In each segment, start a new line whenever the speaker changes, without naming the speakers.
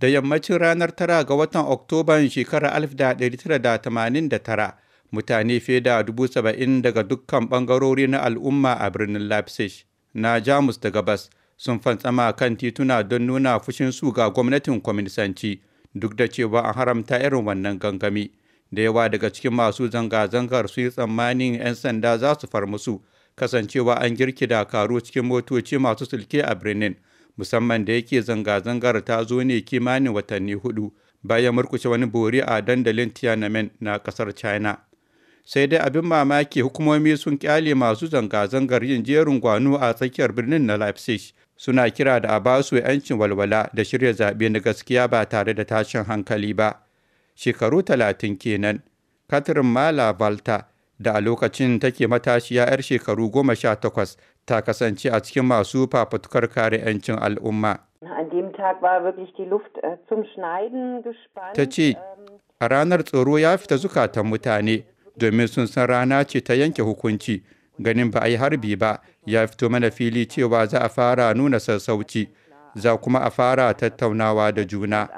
da yammacin ranar tara ga watan Oktoban shekarar 1989 mutane fiye da 70,000 daga dukkan bangarori na al'umma a birnin Leipzig na Jamus da Gabas sun fantsama kan tituna don nuna fushin su ga gwamnatin kwaminisanci duk da cewa an haramta irin wannan gangami. Da yawa daga cikin masu zanga-zangar su yi tsammanin 'yan sanda za su far musu kasancewa an girki dakaru cikin motoci masu sulke a birnin. musamman da yake zanga-zangar ta zo ne kimanin watanni hudu bayan murkushe wani bori a dandalin tiananmen na kasar china sai dai abin mamaki hukumomi sun kyale masu zanga-zangar yin jerin gwano a tsakiyar birnin na leipzig suna kira da a ba su 'yancin walwala da shirya zaɓe na gaskiya ba tare da tashin hankali ba shekaru talatin kenan katrin mala valta da a lokacin take matashiya 'yar shekaru goma sha takwas ta kasance a cikin masu fafutukar kare 'yancin al'umma. Äh, ta ce, ähm, a ranar tsoro ya fita zukatan mutane domin sun san rana ce ta yanke hukunci ganin ba a yi harbi ba ya fito mana fili cewa za a fara nuna sassauci za kuma a fara tattaunawa da juna.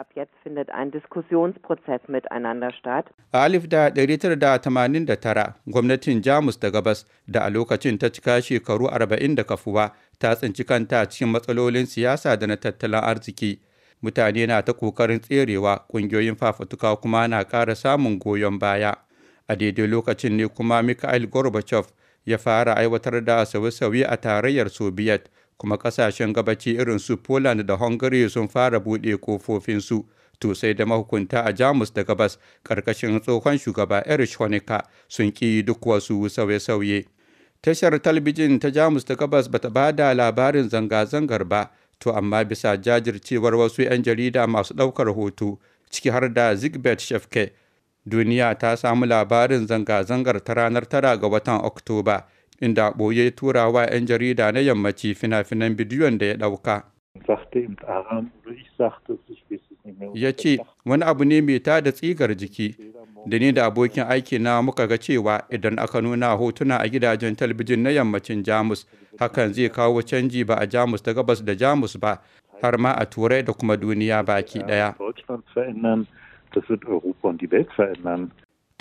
A alif da 1989 gwamnatin Jamus da Gabas da a lokacin ta cika shekaru 40 da kafuwa ta tsinci kanta cikin matsalolin siyasa da na tattalin arziki. Mutane na ta kokarin tserewa ƙungiyoyin fafutuka kuma na ƙara samun goyon baya. A daidai lokacin ne kuma Mikhail Gorbachev ya fara aiwatar da sauye-sauye a tarayyar Soviet. kuma kasashen gabaci irin su Poland da Hungary sun fara buɗe kofofinsu. To sai da mahukunta a Jamus da gabas karkashin tsohon shugaba Erich Honecker sun ƙi duk wasu sauye-sauye. Tashar talbijin ta Jamus da gabas bata ba da labarin zanga-zangar ba, to amma bisa jajircewar wasu 'yan jarida masu ɗaukar hoto ciki har da Zigbert Shefke. Duniya ta samu labarin zanga-zangar ta ranar tara ga watan Oktoba inda ɓoye tura wa 'yan jarida na yammaci fina-finan bidiyon da ya ɗauka. Ya ce, wani abu ne mai tada tsigar jiki, da ni da abokin aiki na muka ga cewa idan aka nuna hotuna a gidajen talbijin na yammacin Jamus, hakan zai kawo canji ba a Jamus ta gabas da Jamus ba, har ma a Turai da kuma duniya baki ɗaya.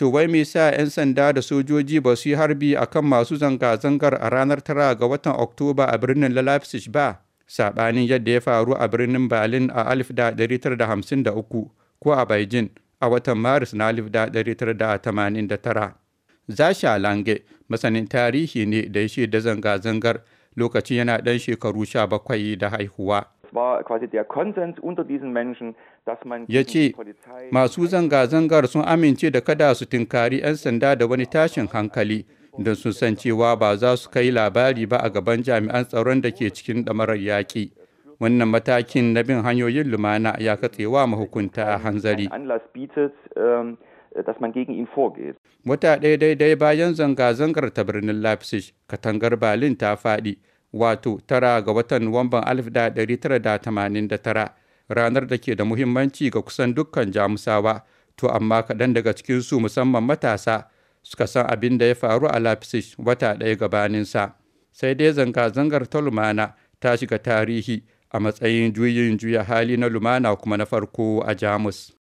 to wai me sa 'yan sanda da sojoji ba su yi harbi a kan masu zanga-zangar a ranar tara ga watan oktoba a birnin leipzig ba saɓanin yadda ya faru a birnin berlin a 1953 ko a beijing a watan maris na 1989 zasha lange masanin tarihi ne da ya shaida zanga-zangar lokacin yana ɗan shekaru 17 da haihuwa war quasi der Konsens unter diesen Menschen, dass man ya ce masu zanga-zangar sun amince da kada su tinkari 'yan sanda da wani tashin hankali don sun san cewa ba za su kai labari ba a gaban jami'an tsaron da ke cikin damarar yaƙi. Wannan matakin na bin hanyoyin lumana ya katsewa mahukunta hanzari. Ähm, dass man gegen ihn vorgeht. Wata ɗaya daidai bayan zanga-zangar ta birnin Leipzig, katangar Berlin ta faɗi, wato tara ga watan Nuwamban 1989 ranar da ke da muhimmanci ga kusan dukkan Jamusawa, to amma kaɗan daga cikinsu musamman matasa suka san abin da ya faru a Leipzig wata ɗaya gabaninsa. Sai dai zanga-zangar ta lumana ta shiga tarihi a matsayin juyin juya hali na lumana kuma na farko a Jamus.